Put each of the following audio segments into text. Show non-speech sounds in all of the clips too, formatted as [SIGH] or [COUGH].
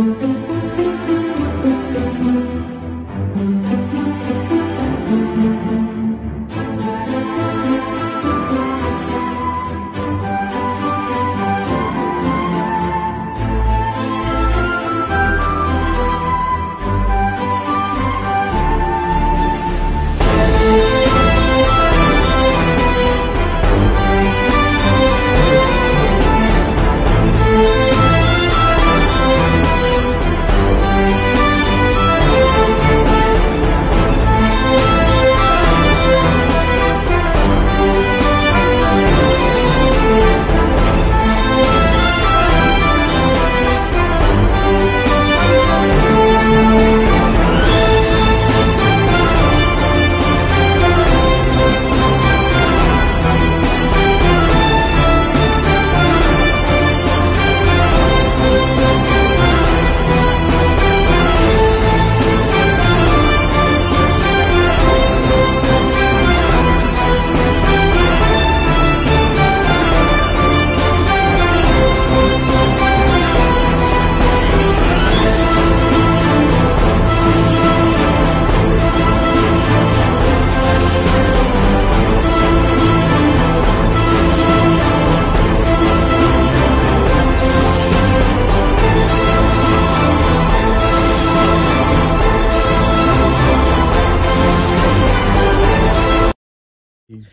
thank you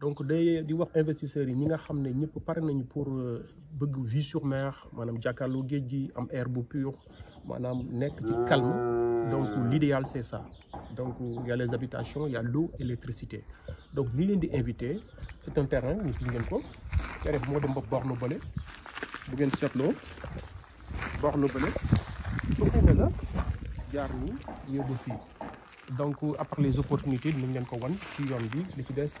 donc day di wax investisseurs yi ñi nga xamné ne ñëpp pare nañu pour euh, bëgg vie sur mer manam jàkkaarloo géej am air bu pur manam nekk ci calme donc l'idéal c'est ça donc il y a les habitations il y a l'eau l'électricité donc li leen di inviter c'est un terrain ñu fi ngeen ko terrain mo dem ba borne bële bu ngeen seetloo borne bële su la jaar ni yóbbu fi donc après les opportunités dinañ leen ko won ci yoon bi li ci dess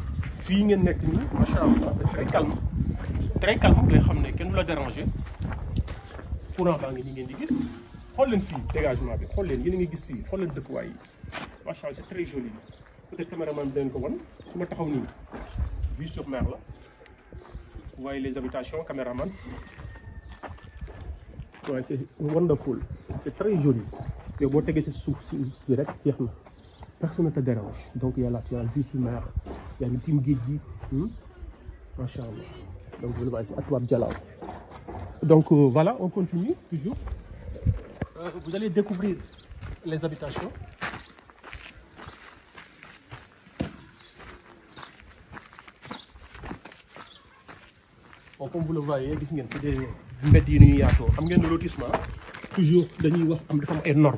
fii ngeen c'est très calme très calme ngay xam ne kenn du la déranger courant baa ngi nii ngeen di gis xool leen fii dégagement bi xool leen yéen a ngi gis fi. xool leen dëkkuwaay yi c'est très joli peut-être caméraman bi ko wan su ma taxaw ni. vue sur mer là. vous voyez les habitations caméraman waaye c'est wonderful c'est très joli yow boo tegee si suuf direct, rek personne ne te dérange. Donc il y a la tu sous il y a le team Guigui. Hein? Donc vous le voyez, à tout Abdjala. Donc euh, voilà, on continue toujours. Euh, vous allez découvrir les habitations. comme vous le voyez, c'est des mbedd Il y a un lotissement toujours dañuy y am des énorme.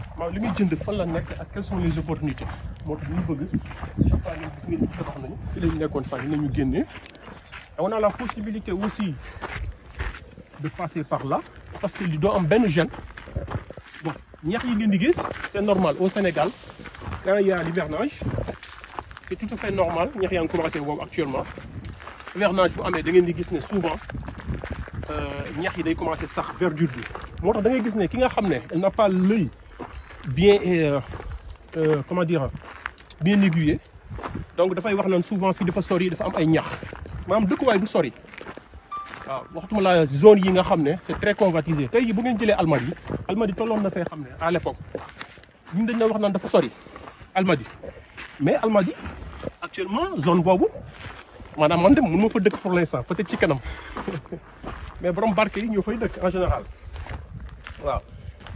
maanaam li muy jënd fan la nekk ak quelles sont les opportunités moo tax ñu bëgg dafa ñu gis ngeen tabax nañu fi lañu nekkoon sax dinañu génnee on a la possibilité aussi de passer par là parce que li doo am benn jeune bon ñax yi ngeen di gis c'est normal au Sénégal quand il y a l'hivernage c'est tout à fait normal ñax yaa ngi commencé boobu actuellement hivernage bu amee da ngeen di gis ne souvent euh, ñax yi day commencé sax verdure bi moo tax da ngay gis ne ki nga xam ne elle n'a pas l'œil bien euh, euh, comment dire bien aiguillé donc dafay wax naan souvent fii dafa sori dafa am ay ñax maanaam way du sori waaw waxtuma la zone yi nga xamné c'est très convoitisé tay yi bu ngeen jëlee Almadies Almadies tolloon na fee xam à l'époque ñun dañ la wax naan dafa sori Almadies mais Almadies actuellement zone bobu manam man dem mun ma fa dëkk pour l'instant peut-être ci kanam [LAUGHS] mais borom barke yi ñoo fay dëkk en général waaw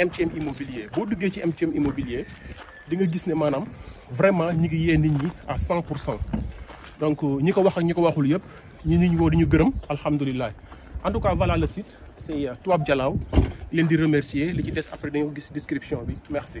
MTM immobilier vous duggee ci MTM immobilier vous nga que ne maanaam vraiment ñi ngi à 100 donc ñi ko wax ak ñi ko waxul yëpp ñi ñi di ñu en tout cas voilà le site c'est euh, Toubab Dialaw Je di remercier li ci des après dañu la description bi merci.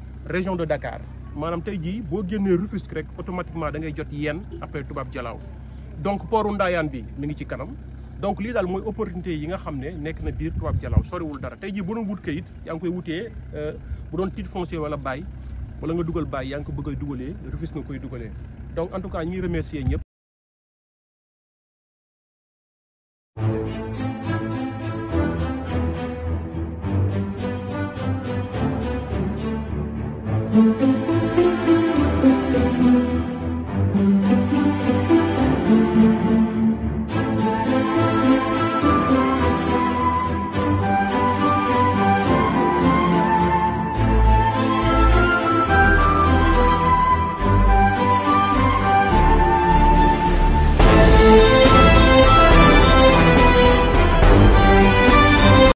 région de Dakar Manam tey jii boo génnee Rufisque rek automatiquement da ngay jot yenn après Toubab Dialaw donc pooru Ndayan bi mi ngi ci kanam donc li dal moy opportunité yi nga xamné nek na bir Toubab Dialaw soriwul dara tey jii bu doon wut kayit yaa ngi koy wutee euh, bu doon titre foncier wala bay wala nga dugal bay yang ko bëgg a dugalee Rufisque nga koy dugalee donc en tout cas ñi remercier ñepp Thank you.